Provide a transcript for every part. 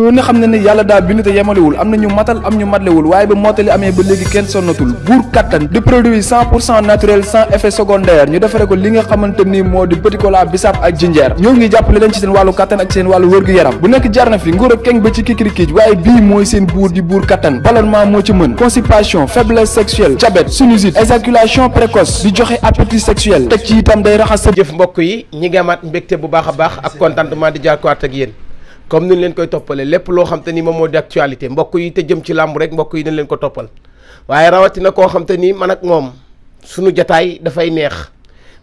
ku ne xam ne ne yàlla daal bi nu te yemalewul am na ñu matal am ñu matlewul waaye ba mottali amee ba léegi kenn sonnatul buur kattan di produit cent pour cent naturel sans effet secondaire ñu defare ko li nga xamante ni moo di petit cola bisaab ak jinjeer ñoo ngi jàppale leen ci seen wàllu kattan ak seen wàllu wërgu-yaram bu nekk jarna fi nguur ak keng ba ci kikirikiij waaye bii mooy seen buur di buur kattan ballonnement moo ci mën constipation faiblesse sexuelle diabète sinusite éjaculation précoce ci itam day raxas sa jëf mbokk yi ñi nga amaat mbégte bu baax a baax ak contentement di jàkkaarloo ak yéen comme ni leen koy toppalee lépp loo xam te ni moom moo di actualité mbokk yi te jëm ci làmb rek mbokk yi dañ leen ko toppal waaye rawatina koo xam te ni man ak moom sunu jataay dafay neex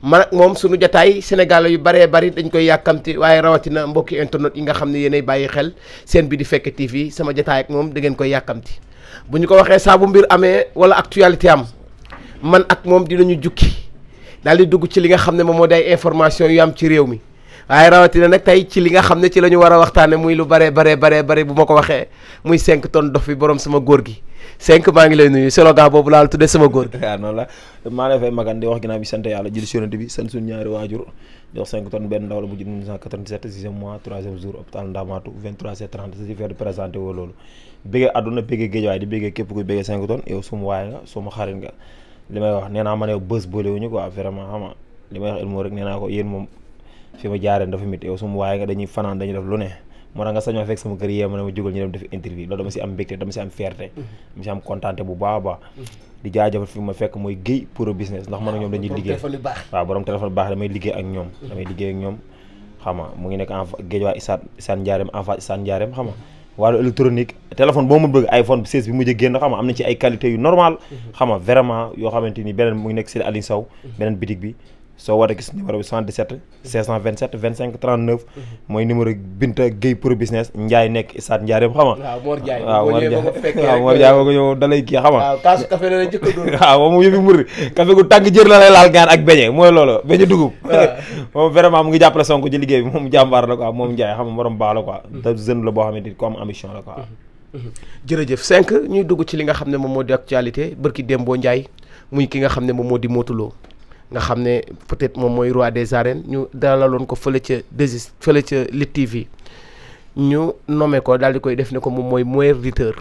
man ak moom sunu jataay Sénégal yu baree bari dañ koy yàkkamti waaye rawatina mbokki internet yi nga xam ne yéenay bàyyi xel seen bi di Fekke TV sama jataay ak moom da koy yàkkamti bu ñu ko waxee saa mbir amee wala actualité am man ak moom dinañu jukki daal di dugg ci li nga xam ne moom moo day information yu am ci réew mi waaye rawatina nag tey ci li nga xam ne ci la ñu war a waxtaane muy lu bare bare bare bare bu ma ko waxee muy 5 tonnes dof bi borom sama góor gi 5 maa ngi lay nuyu slogan boobu laal tuddee sama góor gi ah, noonu la maa lay fay magan di wax ginnaaw bi sant yàlla jël si yonent ñaari waajur di wax 5 tonnes benn ndaw la bu jub 1987 sixième mois troisième jour hôpital Ndamatou 23 730 si faire présenté woo loolu béggee àdduna béggee géej waaye di béggee képp moom fi ma jaareen dafa métti yow su ma waaye nga dañuy fanaan dañuy def lu ne moo tax sañoo fekk sama kër yee ma ne ma jógal ñu dem def interview loolu dama si am mbégte dama si am fierté mm-hmm. dama si am contenté bu baax a baax mm-hmm. di jaajëfal fi ma fekk mooy géy pour business ndax man ak ñoom dañuy liggéey waaw borom téléphone baax damay liggéey ak ñoom mm-hmm. damay liggéey ak ñoom xama mu ngi nekk en géej waa isaan isaan njaareem en face isaan njaareem xama wàllu électronique téléphone boo ma bëgg iPhone 16 bi mujj a génn xama am na ci ay qualité yu yoo xamante ni beneen mu ngi nekk seen Aline Sow beneen bi soo war a gis numéro bi 77 627 25 39. mooy numéro Binta Gueye pour business Ndiaye nekk Issa Ndiaye yëpp xam nga. waaw Mor Ndiaye boo ñëwee ba waaw xam a dóor. waaw moom mu yëfi mbir café gu tàng jër la lay laal gaan ak beñe mooy loolu beñe dugub. moom vraiment mu ngi jàppale Sonko ci liggéey bi moom jàmbaar la quoi moom Ndiaye xam nga morom baax la quoi. Mhm. te jeune la boo xamante ni ku am la quoi. Mhm. Mhm. jërëjëf 5 ñuy dugg ci li nga xam ne moom moo di actualité barki Dembo Ndiaye muy ki nga xam ne moom moo di mootuloo nga xam ne peut-être moom mooy roi des arènes ñu dalaloon ko fële ca desis fële ca Lutte TV ñu nommé ko daal di koy def ne ko moom mooy meilleur lutteur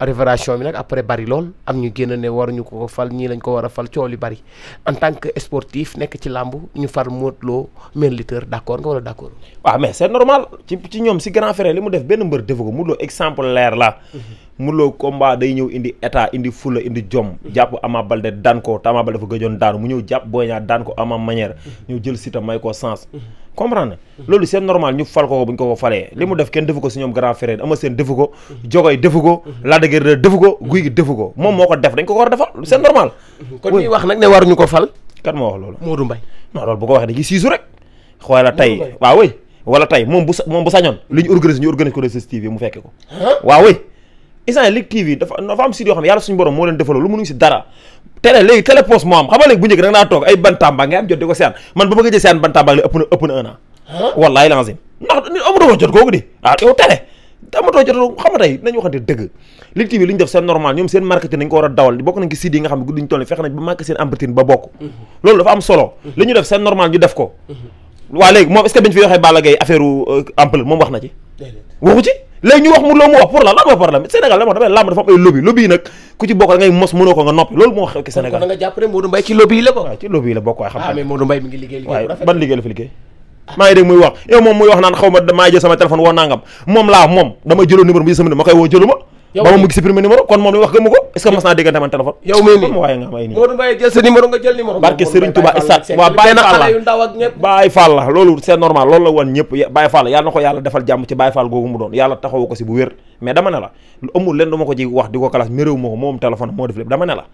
révélation bi nag après bari lool am ñu génn ne waruñu ko ko fal ñii lañ ko war a fal coow li bari en tant que sportif nekk ci làmb ñu far Modou Lo meilleur lutteur d'accord nga wala d'accord. waaw mais c'est normal ci ci ñoom si grand frère li mu def benn mbër defu ko Modou Lo exemple leer la. Mhm. muloo combat day ñëw indi état indi fula indi jom mm-hmm. jàpp Ama Baldé daan ko te Ama Baldé dafa gëjoon daanu mu ñëw jàpp Boy Niang daan ko ama manière mm-hmm. ñëw jël Siteu may ko sens mm-hmm. comprendre loolu c'est normal ñu fal ko ko bu ñu ko ko falee li mu def kenn defu ko si ñoom grand frère ama seen defu ko jogoy defu ko Lac de Guiers defu ko guy gi defu ko moom moo ko def dañ ko ko war a defal seen normal kon ñuy wax nag ne waruñu ko fal kan moo wax loolu Modou Mbaye non loolu bu ko moom bu moom bu li ñu organise ñu organise ko de TV mu fekke instant Ligue TV dafa dafa am site yoo xam ne yàlla suñu borom moo leen defaloo lu mënuñ si dara télé léegi télé poste moo am xam nga léegi bu njëkk da nga naa toog ay bantamba ngay am jot di ko seetaan man ba ma gëjee seetaan bantamba li ëpp na ëpp na un an wallaay lancim ndax jot googu di ah yow télé amatoo jot xam nga tey nañu ñu def seen normal ñu def ko waa léegi moom est-ce que bañ waxee Balla affaire euh, ample moom wax na ci waxu léegi ñu wax mu loo mu wax pour la lan mooy problème Sénégal la ma damay làmb dafa am lobby lobby nag ku ci bokk da ngay mos mënoo ko nga noppi loolu moo xew ci Sénégal ci lobby la bokk waaye xam ah, nga mais Modou Mbaye mi ngi liggéey liggéey bu liggéey maa ngi dégg muy wax yow moom muy wax naan xaw ma maa jël sama téléphone woo nangam moom laa moom dama jëloon numéro bi sama ma koy woo jëlu yow ba ma mujj supprimer numéro kon moom la loolu c'est la woon ñëpp Baye Fall yàlla na ko lu wax di ko kalas moom téléphone moo def lépp dama ne la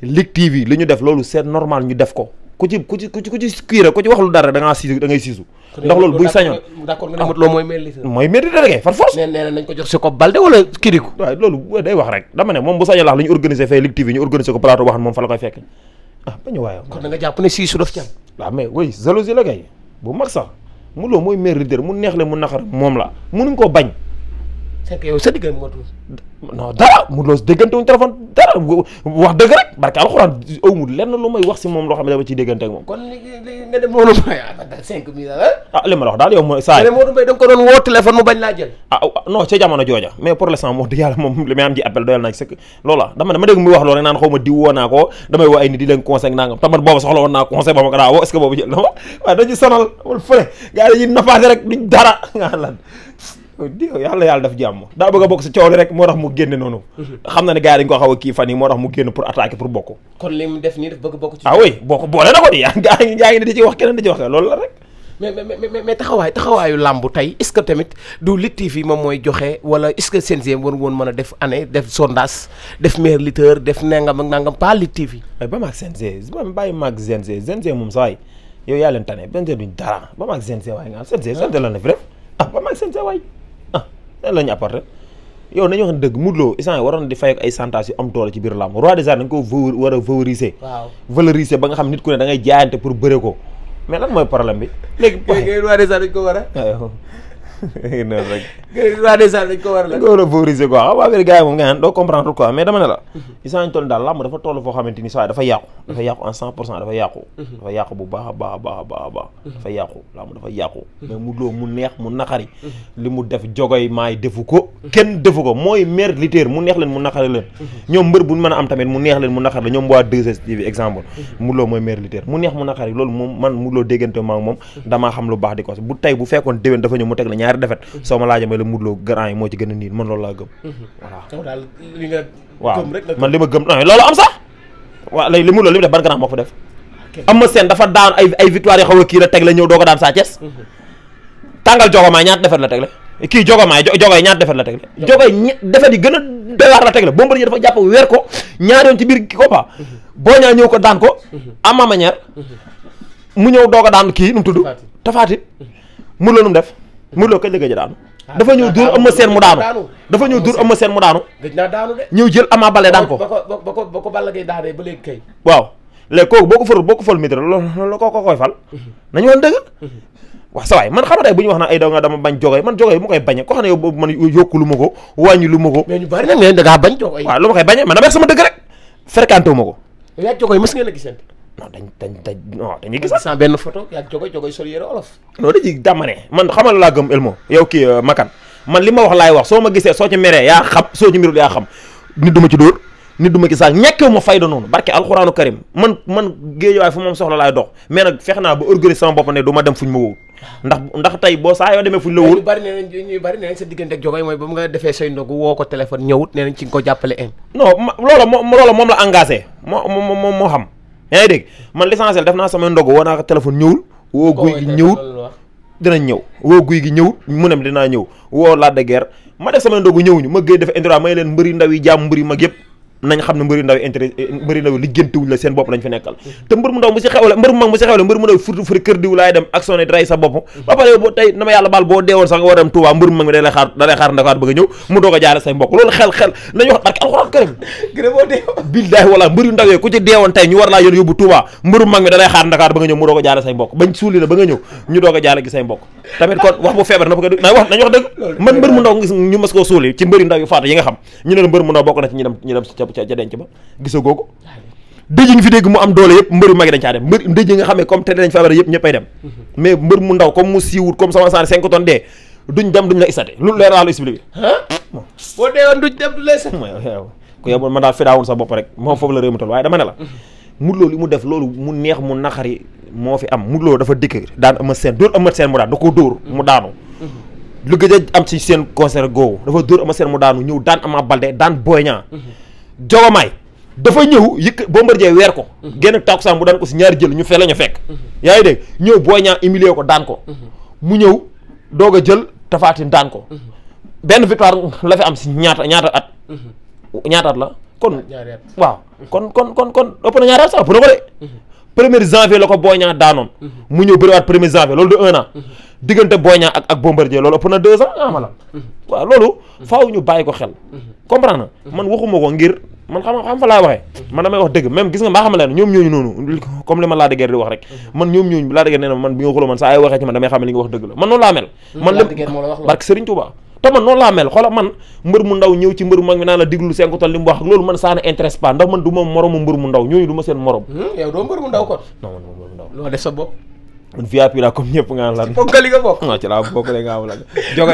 Ligue TV li ñu def loolu c'est normal ñu def ko ku ci ku ci ku ci kii rek ku ci wax lu dara da ngaa siisu ndax loolu buy sañoon mooy mel ni. mooy far na nañ si ko Balde wala Kirikou. waaw loolu day wax rek dama moom bu sañoon laax la ñu organiser fay Ligue TV ñu organiser ko plateau wax moom fa la koy fekk ah bañu waaye. kon siisu daf ci am. waaw mais oui jalousie la kay bu mag sax mu loo mooy mel leader mu neex mu naqar moom la mënuñ koo bañ fekk yow sa diggante Modou Lo non dara Modou Lo déggante wuñ téléphone dara moom loo xam ne dama ciy déggante ak moom. kon li nga dem Modou Mbaye cinq mille ah. ah li ma la da nga ko ah, ah, mu wax loolu rek naan xaw ma diw woo ko damay woo ay nit di leen conseil nangam te man soxla woon naa conseil ba ko daa woo est-ce jël na waaye dañu sonal wala fële gars yi nafaate rek duñ dara nga lan yàlla yàlla daf jàmm daa bëgg a bokk si coow rek moo tax mu génne noonu xam na ne gars yi dañu ko a kii fan yi moo tax mu génn pour attaquer pour bokk kon li def nii daf bëgg bokk ah bokk ci wax keneen a def année def ba maag CNG ba bàyyi la na fi rek ah, ba maag CNG waay lan la ñu apporté yow nañu wax dëgg Modou Lo instant yi waroon di fay ak ay santaas yu am doole ci biir làmb roi des arènes da nga ko war a valoriser valoriser ba nga xam nit ku ne da ngay jaayante pour bëre ko mais lan mooy problème bi léegi roi des arènes dañ ko war non rek. waa dèjà dañ ko war a la. ko a favoriser ah, yi moom nga naan doo comprendre quoi mais dama ne la. Mhm. isaan ñu toll daal làmb dafa toll foo xamante ni saa dafa yàqu. Mhm. Mhm. dafa yàqu bu baax a baax a baax a baax. dafa yàqu làmb dafa yàqu. mu neex mu naqari. li mu def jogoy maay defu ko. kenn defu ko mooy maire littéer mu neex leen mu naqari leen. ñoom mbër bu ñu a am tamit mu neex leen mu naqari la ñoom waa 2STV exemple. mu loo mooy maire littéer mu neex ñaari defet soo ma laajee may la Modou Lo grand yi moo ci gën a niil man loolu laa gëm. voilà li nga gëm rek man li ma gëm loolu am sax. waaw léegi li Modou Lo li mu def ban grand moo fa def. am ma seen dafa daan ay ay victoire yoo xaw a kii la teg la ñëw doo ko daan Sa Thiès. Mhm. tàngal jogomaay ñaata defet la teg la kii jogomaay jogoy ñaata defet la teg la. jogoy ña defet yi gën a doy waar la teg la Bombardier dafa jàpp weer ko ñaari yoon ci biir kii ko boo ñaa ñëw ko daan mhm. mhm. a mu Lo kañ la gëj a ah, daanu. dafa ñëw dóor Eumeu Sène mu daanu dafa ñëw dóor Eumeu jël Ama Baldé daan ko ba ko ba ko ba ko Balla ba léegi kay. waaw léegi kooku boo ko farul boo ko fal mitre loolu la ko koy fal. nañu woon dëgg. waaw sa waay man xam bu ñu wax naan ay daw nga dama bañ jogoy man jogoy mu koy bañe ko xam ne man yokku lu ma ko wàññi lu ma ko. mais ñu bari bañ waaw lu ma koy bañe man dama sama dëgg rek fréquenté wu ma ko. non dañ dañ dañ non dañuy gis naa benn photo yaa jogo jogo sol yére olof. non dañuy dama ne man xamal laa gëm Elmo yow kii euh, Makan man li ma wax laay wax soo ma gisee soo ci meree yaa xam soo ci mirul yaa xam nit du ma ci dóor nit du ma ci sax ñàkkewu ma fayda noonu barke alxuraanu karim man man géejuwaay fu moom soxla laay dox mais nag fex naa ba organiser sama bopp ne du ma dem fuñ ma wóor ndax ndax tey boo saa yoo demee fuñ la wóor. ñu bari nee nañ ñu bari nee nañ sa diggante ak jogoy woo ko téléphone ñëwut nee nañ ci nga ko jàppale en non ma loola moom moom la xam yaa ngi dégg man l'essentiel def naa samay ndogu woo naa ko téléphone ñëwul woo guy gi ñëwut dinañ ñëw woo guy gi ñëwut mu ne dinaa ñëw woo laaj de guerre ma def samay ndogu ñëwuñu ma géey def introit may leen mbëri ndaw yi jàmm mbëri mag yëpp nañ xam ne mbëri ndaw intérêt mbëri ndaw liggéentiwuñ la seen bopp lañ fi nekkal te mbër mu ndaw mu si furi kër diw laay dem actionné rey sa bopp ba pare boo tey dama yàlla baal boo deewoon mu ndaw yooyu ku ci deewoon tey ñu war laa yoon yóbbu Touba mbër mu mag mi da xaar Ndakaar ba nga ñëw mu doog a jaare say mbokk bañ suuli la ba nga ñëw ñu doog a jaare gi say mbokk tamit kon wax bu feebar na ko na wax nañu wax dëgg xam ñu ne mbër mu ndaw bokk na ci ñu dem bu ca denc ba gisagoo ko dëj yi nga fi dégg mu am doole yëpp mbër yu mag yi dañ caa dem mbër dëj yi nga xam ne comme te dañ fa bare yëpp ñëppay dem mhm. mais mbër mu ndaw comme mu siiwut comme sama saan cinq tonnes dee dafa dóor ama da koo dóor mhm. mu mhm. a seen mu daanu ñëw daan ama balde daan boy ñaa jogomaay dafa ñëw yëkk Bombardier weer ko mhm. genn takkusaan bu daan ko si ñaari jël ñu fe la ñu fekk mhm. yaa ngi dégg ñëw Boy Niang humilier ko daan ko mhm. mu ñëw doog a jël Tapha Tine daan ko benn victoire la fi am si ñaata ñaata at ñaata la kon waaw kon kon kon kon ëpp na ñaari at sax na ko de premier janvier la ko Boy Niang daanoon. Mhm. mu ñëw bëriwaat premier janvier loolu de un an. Mhm. diggante Boy Niang ak ak loolu ëpp na deux ans amala ah, mhm. waaw loolu. faaw ñu bàyyi ko xel. comprendre na man waxuma ko ngir man xam xam fa laa waxee. man damay wax dëgg même gis nga maa xam ñoom ñooñu noonu comme li ma Lac de Guiers di wax rek. man ñoom ñooñu Lac de Guiers man bi nga xuloo man saa ay waxee ci man damay xam li nga wax dëgg la man noonu laa mel. man te man noonu laa mel xoola man mbër mu ndaw ñëw ci mbër mu mag mi naan la diglu Senghou Ton li mu wax ak loolu man ça ne intéresse pas ndax man du ma moromu mbër mu ndaw ñooñu du ma seen morom. Hmm, yow doo mbër mu ndaw kon. non man mbër mu ndaw. loo def sa bopp. man VIP la comme ñëpp nga lan. ponkali nga bokk. non ci laa bokk de nga am lan.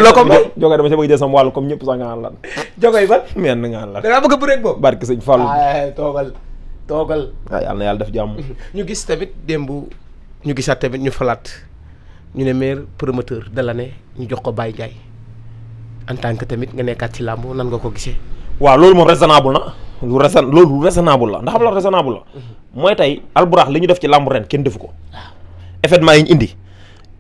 loo ko mën joge dama si bëgg jël sama wàll comme ñëpp sax nga lan. joge ban. meen nga lan. da ngaa bëgg a bëreeg boobu. barke sëñ Fallou. Ah, eh, eh, toogal toogal. waaw ah, yàlla na yàlla def jàmm. ñu gis tamit démb ñu gisaat tamit ñu falaat ñu ne maire promoteur de l'année ñu jox ko Baye Ndiaye en tant que tamit nga nekkaat ci làmb nan nga ko gisee. waaw loolu moom raisonnable na lu raison loolu raisonnable la ndax xam la raisonnable la mhm. mooy tey alburax li ñu def ci làmb ren kenn defu ko. événement ah. yi ñu indi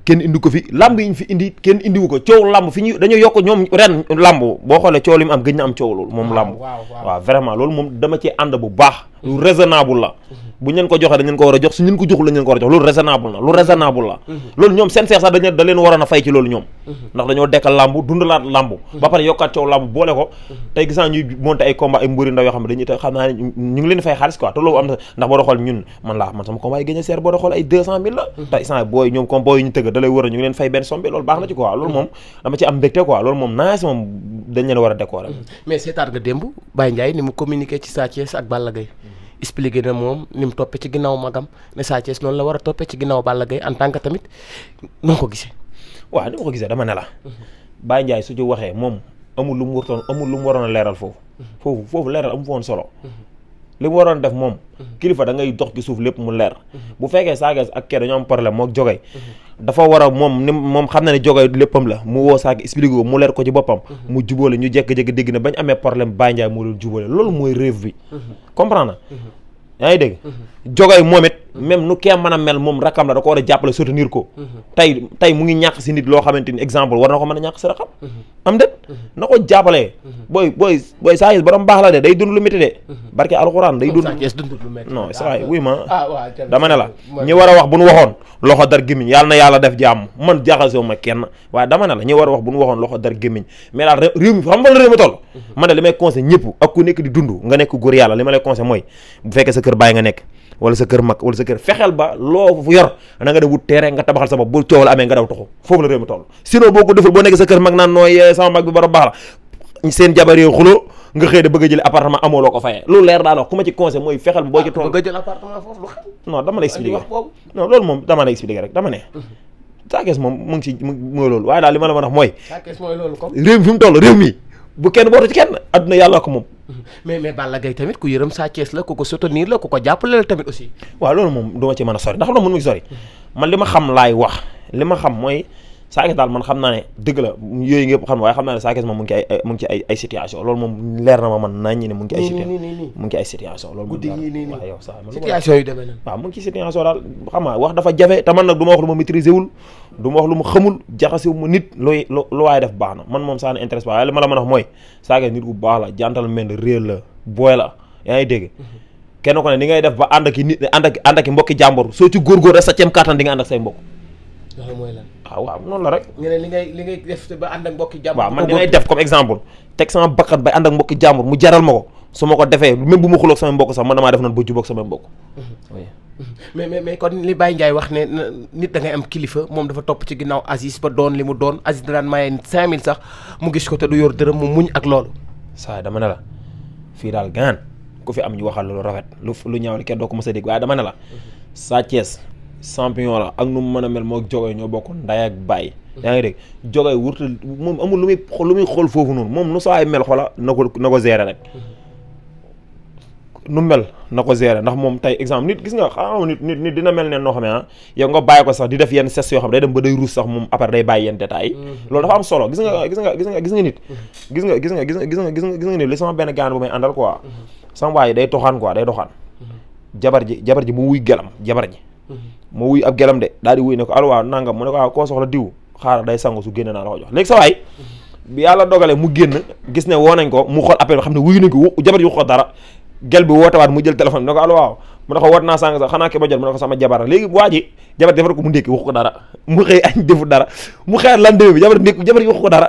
kenn indi ko fi làmb yi ñu fi indi kenn indiwu ko coow làmb fi ñu dañoo yokk ñoom ren làmb boo xoolee coow li mu am gëj na am coow loolu moom làmb waaw vraiment loolu moom dama ci ànd bu baax. lu raisonnable la bu ñeen ko joxee dañ leen ko war a jox su ñun ko joxul la ñeen ko war a jox loolu raisonnable na lu raisonnable la mhm. loolu ñoom seen seex sax dañ da leen waroon a fay ci loolu ñoom mhm. ndax dañoo dekkal làmb dundalaat làmb mhm. ba pare yokkaat coow làmb boole ko tey gis naa ñuy monté ay combat ay mbëri ndaw yoo xam ne dañuy te xam naa ñu ngi leen fay xaalis quoi te loolu am na ndax boo doon xool ñun man laa man sama combat yi gën a seer boo doon xool ay deux cent mille la tey sant booy ñoom comme booy ñu tëgg da lay war a ñu ngi leen fay benn somme bi loolu baax na ci quoi loolu moom dama ci am mbégte quoi loolu moom naa si moom dañ leen war a décorer mais seetaat nga démb Baye Ndiaye ni mu communiqué ci Sa Thiès ak Balla Gaye expliqué na moom ni mu toppee ci ginnaaw magam ne Sa Thiès noonu la war a toppee ci ginnaaw Balla Gaye en tant que tamit noo ko gisee. waaw ni ko gisee dama ne la. Baye Ndiaye su ci waxee moom amul lu mu wartoon amul lu mu waroon a leeral foofu. Mhm. foofu foofu leeral amu fa woon solo. Mhm. li mu waroon def moom mhm. kilifa da ngay dox ci suuf lépp mu leer mhm. bu fekkee saagees ak kee dañoo am problème moo jogay mhm. dafa war a moom ni moom xam na ne jogay léppam la mu woo saag expliqué ko mu leer ko ci boppam mu jubóole ñu jékki-jékki dégg na bañ amee problème Baye Ndiaye moo leen jubóole loolu mooy rêve bi comprendre na yaa dégg jogay moom it même nu kee mën a mel moom rakam la da ko war a jàppale soutenir ko mhm. tey tey mu ngi ñàkk si nit loo xamante ni exemple war na ko mën a ñàkk si rakam mhm. am déet mhm. na ko jàppalee booy booy booy saa yis borom baax la de day dund lu métti de dama ne la ñi war a wax bu nu waxoon loxo dar gémmiñ yàlla na yàlla def jàmm man jaxasoo ma kenn waaye dama ne la ñi war a wax bu nu waxoon loxo dar gémmiñ mais daal réew mi xam nga réew mi toll man de li may conseil ñëpp ak ku nekk di dund nga nekk góor yàlla li ma lay conseil mooy bu sa kër bàyyi nga nekk wala sa kër mag wala sa kër fexeel ba loo yor na nga dem wut terrain nga tabaxal sa bopp bu coow la amee nga daw toxu foofu la réew mi toll sinon boo ko deful boo nekkee sa kër mag naan nooy eh, sama mag bi xëy bëgg jël appartement amoo loo ko fayee loolu leer daal ah, a jël appartement foofu lu xam non dama lay expliquer non loolu moom dama lay dama ne mm-hmm. Sa Thiès moom mu ngi ci mooy loolu waaye a wax toll réew mi bu kenn bootu ci kenn adduna yàlla ko moom. mais mais Balla Gaye tamit ku yërëm Sa la ku ko soutenir la ku ko jàppale la tamit aussi. waaw loolu moom du ci mën a sori ndax man li ma xam laay wax li ma xam mooy Sa Thiès man xam naa ne dëgg la yooyu ngeen xam waaye xam naa ne Sa Thiès mu ngi ay mu loolu moom leer na ma man naa ñu ne mu ngi ci ay. situation mu ngi ci ay situation loolu. guddi gi mu ngi ci situation daal xam nga wax dafa jafe te man nag du ma wax lu ma maîtriser du ma wax lu mu xamul jaxasewu ma nit looy lu waaye def baax na man moom saa ne intéresse pas waaye li ma la mën a wax mooy saaga nit bu baax la jantal mel ni la booy la yaa ngi dégg mhm. kenn ko ne li ngay def ba ànd ak nit ànd ak mbokki jàmbor soo ci góorgóor rek sa ceem kàttan di nga ànd ak say mbokk loolu ah, waaw waaw la rek nga ne li ngay def ba ànd ak mbokki jàmbor man li ngay def comme exemple teg sama bakkat bay ànd ak mbokki jàmbor mu jaral ma ko su ma ko defee même bu ma xuloog sama mbokk sax man damaa def noonu ba jubóog sama mbokk. mais mais mais kon li Baye Ndiaye wax ne nit da moom dafa topp ci ginnaaw Aziz ba doon li mu doon Aziz da daan maye sax mu gis ko te du yor dërëm mu muñ ak loolu. saa dama ne la fii daal gaan ku fi am ñu waxal lu rafet lu lu ñaaw kenn doo ko mos la. Sa Thiès champion la ak nu mu mën a mel moo Jogay ñoo bokk nday ak Baye. yaa ngi dégg Jogay wurtu moom amul lu muy lu foofu noonu moom nu saay mel xoola na ko na ko gérer rek. nu mel na ko gérer ndax moom tey exemple nit gis nga xam nit nit nit dina mel neen noo xam ne ah yow nga bàyyi ko sax di def yenn sess yoo xam day dem ba day ruus sax moom après bi xam ne wuyu nañ ko jabar ji ko dara gel bi wootewaat mu jël téléphone bi ne ko allo waaw mu ne ko woot naa sànq sax xanaa ki ma jot mu ne ko sama jabar léegi waa ji jabar defar ko mu ndékki waxu ko dara mu xëy añ defu dara mu xëyaat lan demee bi jabar ndékki jabar yi waxu ko dara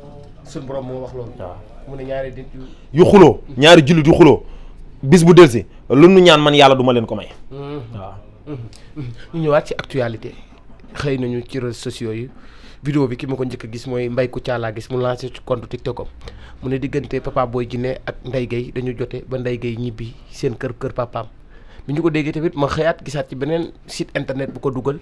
suñ borom moo wax loolu. waaw mu ne ñaari nit yu. xuloo ñaari jullit yu xuloo bis bu delsi lu nu ñaan man yàlla duma leen ko may. Mm-hmm. waaw. Mm-hmm. ñu ñëwaat ci actualité xëy nañu ci réseaux sociaux yi vidéo bi ki ma ko njëkk a gis mooy Mbaye Kouthia laa gis mu lancé ci compte TikTok am mu ne diggante Papa booy Djiné ak Ndeye Gueye dañu jote ba Ndeye Gueye ñibbi seen kër kër papaam bi ñu ko déggee tamit ma xëyaat gisaat ci beneen site internet bu ko dugal.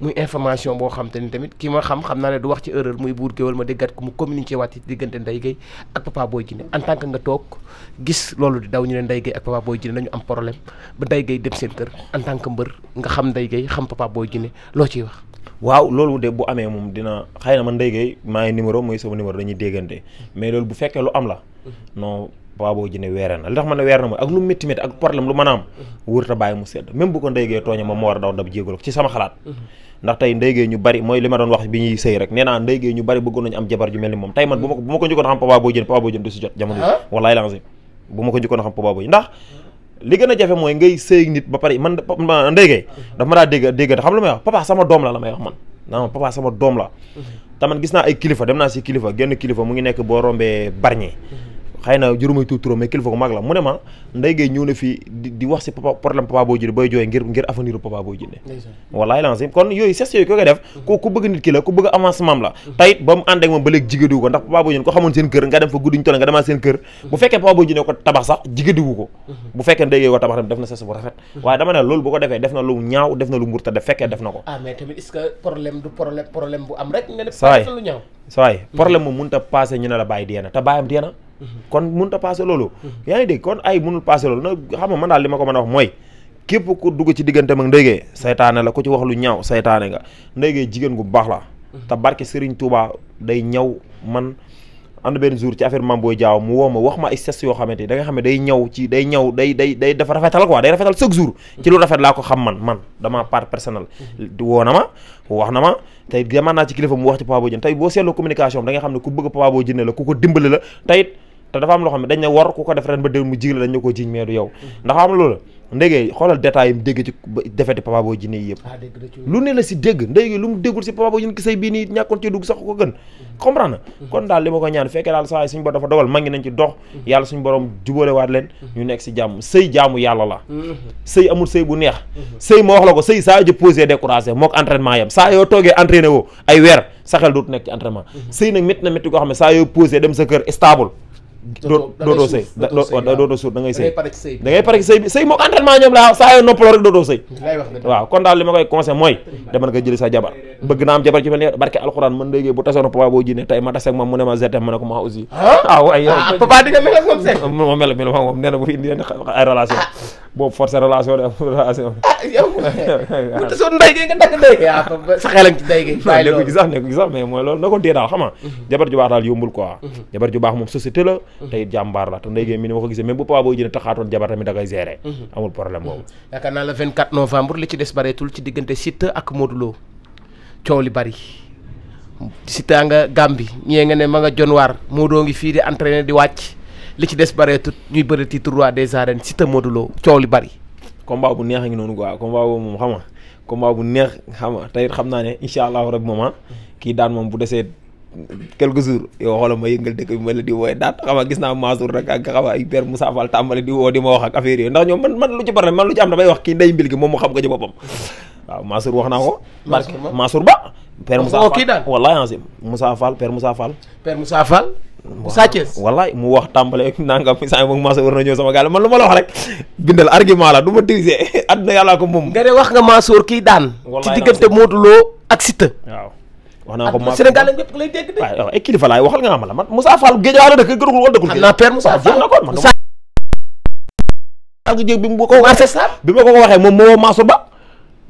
muy information boo xam te ni tamit ki ma xam xam naa ne du wax ci erreur muy buur géwél ma déggat ko mu communiqué waat ci diggante Ndeye Gueye ak Papa Boy Djiné loolu di daw ñu ne Ndeye Gueye ak Papa Boy Djiné dañu am problème ba Ndeye Gueye dem seen kër en tant que mbër nga xam Ndeye Gueye xam Papa Boy Djiné loo ciy wax. waaw loolu de bu amee moom dina xay na ma Ndeye Gueye maa ngi numéro mooy sama numéro dañuy déggante hmm. mais loolu bu fekkee lu am la hmm. non. Papa Boy Djiné weere na li tax ma ne weer na mooy ak lu métti métti ak problème lu mën am wóor bàyyi mu sedd même bu ko ndéygee tooñe moom moo war a daw dab jégalu ci sama xalaat ndax tey ndéygee ñu bari mooy li ma doon wax bi ñuy sëy rek nee naa ndéygee ñu bari bëggoon bu ma ko njëkkoon xam Papa Boy Djiné Papa Boy Djiné du si jot jamono ah. wallaay lancé bu ma ko njëkkoon a man ndéygee dafa ma daa dégg dégg xam lu may wax papa sama doom la la may wax man naa papa sama doom la mhm. te kilifa dem naa si kilifa mu ngi nekk boo xay na jurumay tuur turam mais kilifa ko mag la mu ne ma Ndeye Gueye ñëw fii di wax si papa problème papa boo jëlee bay jooy ngir ngir avenir papa boo jëlee wallaay lancé kon yooyu ses yooyu ko koy def mm-hmm. ku ku bëgg nit ki la ku bëgg avancement la mm-hmm. tayit ba mu ànd ko ndax papa boo mm-hmm. ko xamoon rafet waaye dama ah, problème moom mënut a passé ñu ne la bàyyi dee te bàyyam dee kon mënut a passé loolu. Mm-hmm. yaa ngi dégg kon ay mënul passé loolu nag xam nga man daal li ma ko mën a wax la ku ci wax lu ñaaw saytaane nga ndéygee jigéen gu baax la. Mm-hmm. te barke Serigne ma ay ses yoo xamante ni da nga xam ne day ñaw ci day dafa rafetal quoi day rafetal chaque jour. ci lu rafet laa ko xam man man dama part personnel. Mm-hmm. woo na ma wax na ma tey demaan naa ci kilifa mu wax ci Papa Boy Djiné tey boo seetloo communication da xam ne ku bëgg Papa Boy Djiné la ku ko dimbali la tey te dafa am loo xam ne dañ ne war ku ko def ren ba déwén mu jig la dañ ne ko jiñ mais du yow ndax am loolu ndéggee xoolal détail mu dégg ci defeti Papa Boy yi yëpp ah, lu ne la si dégg ndéggee lu mu déggul si Papa Boy Djiné gisay bii nii ñàkkoon ci dugg sax ko gën comprendre na kon daal li ma ko ñaan fekkee daal saa suñu borom dafa dogal ma ngi nañ ci dox yàlla suñu borom jubóole waat leen ñu nekk si jàmm sëy jaamu yàlla la sëy amul sëy bu neex sëy ma wax la ko sëy saa jo posé ko entraînement yam saa yoo toogee entraîné woo ay sa xel dootu nekk ci entraînement mhm. sëy nag métti na métti koo xam ne saa yoo posé sa doo doodoo sëy doodoo sëy da pare sëy bi sëy mook entraînement ñoom laa saa yoo noppaloo rek doodoo sëy waaw kon daal li ma koy conseil mooy demal nga jëli sa jabar bëgg naa am jabar ci mel ni barke alxuraan man léegi bu tasoon papa boo jinne tey ma tase moom mu ne ma zerte ma ne ko ma aussi ah, ah waaye ah, papa di nga mel ak moom moom mel mel moom nee bu fi indi ay relation ah. boobu forcé relation de relation. ah yow. bu desoon ndey gi nga dagg ndey gi. waaw ah, ba sa xelam ci ndey gi. bàyyi loolu nekku ci sax nekku ci sax mais mooy loolu na ko dee daal xam nga. Mhm. jabar ju baax daal yombul quoi. Mhm. jabar ju baax moom société la. Mhm. tey jàmbaar la te ndey gi mi ni ma ko gisee même bu papa booy jënd taxaatoon jabar tamit da koy gérer. amul problème boobu. yaakaar naa la 24 novembre li ci des bareetul ci diggante Siteu ak Modou Lo coow li bari. Siteu nga Gambie ñee nga ne ma nga jon waar Modou ngi fii di entraîné di wàcc li ci des bareetut ñuy bëri titre roi des arènes Siteu Modou Lo coow li bari. combat bu neex a ngi noonu quoi combat boobu moom xam nga combat bu neex xam nga tey xam naa ne incha allah rek moom ah kii daan moom bu desee quelques jour yow xoolal ma yëngal dëkk bi ma la di wooye daat xam gis naa Mansour rek ak xam nga ay tàmbali di woo di ma wax ak affaire yooyu ndax ñoom man man lu ci bari man lu ci am damay wax kii ndey mbil gi moom mu xam ko ci wax naa ko Mansour père Moussa Fall wallaay ancim Moussa Fall père Moussa Fall père mu wax tàmbale nangam saa moom war na ñëw sama gaal man lu ma la wax rek bindal argument la du ma triser àdduna yàllaa ko moom nga ne wax nga Mansour kii daan ci diggante Modou ma Sénégal lañ ñëpp lay dégg de waaw ay kilifa laay waxal nga xam la man Moussa Fall géejaa dëkk gërugul wala dëkkul xam naa père Moussa bi ma ko waxee moom moo Mansour Ba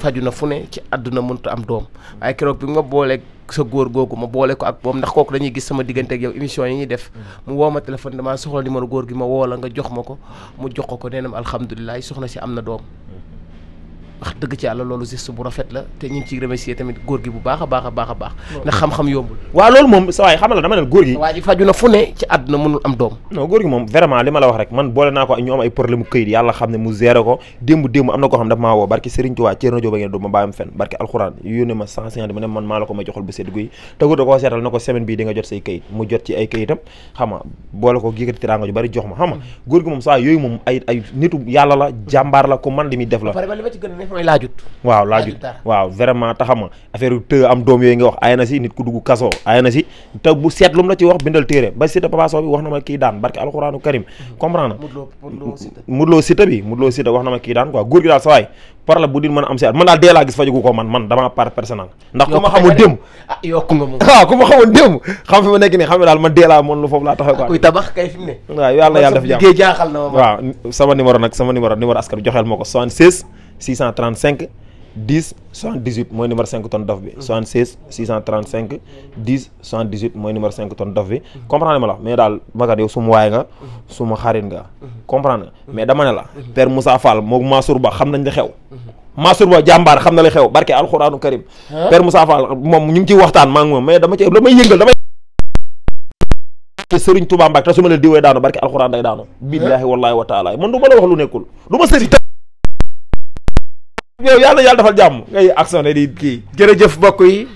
faju na fu ne ci àdduna mënta am doom waaye keroog bi ma booleeg sa góor googu ma boole ko ak moom ndax kooku dañuy gis sama diggante ak yow émission yi ñuy def mu woo ma téléphone soxla numéro góor gi ma woola nga jox ma ko mu jox ko ko nee na soxna si am na doom wax dëgg ci yàlla loolu geste bu rafet la te ñu ngi ciy tamit góor gi bu baax a baax a baax a xam-xam yombul waaw loolu moom sa waay yooyu moom ay ay nitu yàlla la jàmbaar la ko man li muy def la rek mooy laajut. waaw laajut waaw vraiment taxama affaire yu të am doom yooyu nga wax aay na si nit ku dugg kaso aay na si te bu seet lu la ci wax bindal téere ba Siteu Papa bi wax na ma kii daan barke alxuraanu karim comprendre Modou Lo Siteu bi Modou Lo wax na ma kii daan quoi góor gi daal sawaay par bu din mën a am si at man daal dee gis fajugu ko man man dama part personnel ndax ku ma ah, ah, xamul démb ah xam fi ma nekk nii xam ne daal man dee laa lu foofu na ma waaw sama 635 10 78 mooy numéro 5 tonnes dof bi. 76 635 10 78 mooy numéro 5 tonnes dof bi. comprendre ma la mais daal Maguette yow suma waay nga. suma xarit nga. comprendre mais dama ne la. père Moussa Fall moom Mansour xam nañ li xew. Mansour Ba xam na li xew barke alxuraanu karim. père Moussa Fall moom ñu ngi waxtaan maa ngi moom mais dama ci damay yëngal damay. te Serigne Touba te su ma la yow yàlla yàlla defal jàmm ngay action ne kii. jërëjëf mbokk yi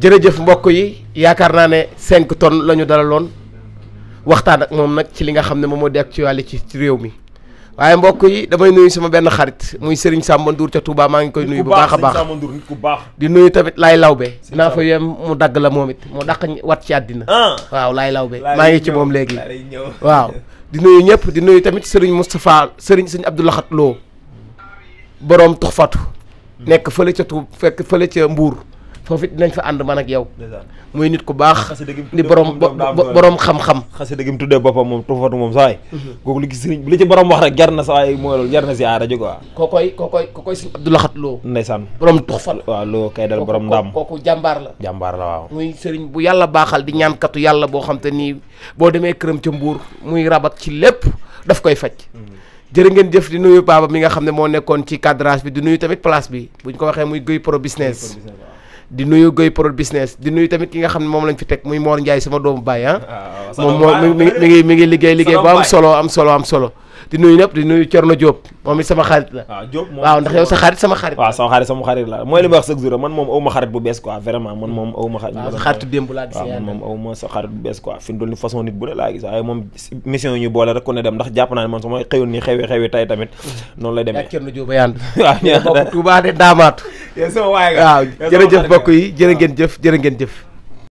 jërëjëf mbokk yi yaakaar naa ne 5 tonnes lañu ñu dalaloon waxtaan ak moom nag ci li nga xam ne moom moo ci actualité ci réew mi. waaye mbokk yi damay nuyu sama benn xarit muy sëriñ Samba Ndour ca Touba maa ngi koy nuyu bu baax a baax ku baax di nuyu tamit Laay lawbee naa fa yem mu dagg la moom it mu daq wat ci àddina ah. waaw Laay Lawbe maa ngi ci moom léegi waaw di nuyu ñëpp di nuyu tamit Serigne Moustapha Serigne Serigne Abdoulahat Lo boroom tux fatu nekk fële ca tu fekk fële ca mbuur foofu it dinañ fa ànd man ak yow muy nit ku baax di borom borom xam-xam xasida gi mu tuddee boppa moom tufatu moom saay mhm. kooku li ci sëriñ li ci borom wax rek jar na saay mooy loolu jar na si aara jóg waa kookoy kookoy kookoy sëriñ Abdou Lahat Lo ndeysaan borom tux fat waaw loo kay dal borom ndam kooku jàmbaar la jàmbaar la waaw muy sëriñ bu yàlla baaxal di ñaankatu yàlla boo xam te nii boo demee këram ca mbuur muy rabat ci lépp daf koy faj mhm. jërë ngeen jëf di nuyu Baba mi nga xam ne moo nekkoon ci cadrage bi di nuyu tamit place bi bu ñu ko waxee muy guy Pro di nuyu guy Pro di nuyu tamit ki nga xam ne moom lañ fi teg muy Mor Ndiaye sama doomu baay ah. Ah, moom moo mi ngi mi ngi liggéey liggéey bu am solo am solo am solo di nuyu ñëpp di nuyu Thierno Diop moom it sama xarit la. waaw ah, Diop moom waaw ndax yow sa xarit sama xarit. la mooy li ma wax chaque man moom a ma xarit bu bees quoi vraiment man moom aw ma. waaw sa xaritu démb laa gis. waaw ah, man moom aw ma moom mission yi ñu boole rek ku ne dem ndax jàpp naa ne man su ma xëyoon nii xewee xewee tay tamit mm. noonu lay demee. ak Thierno Diop ay bokk Touba de Ndaamaatu. jërë ngeen ah. jëf jërë ngeen jëf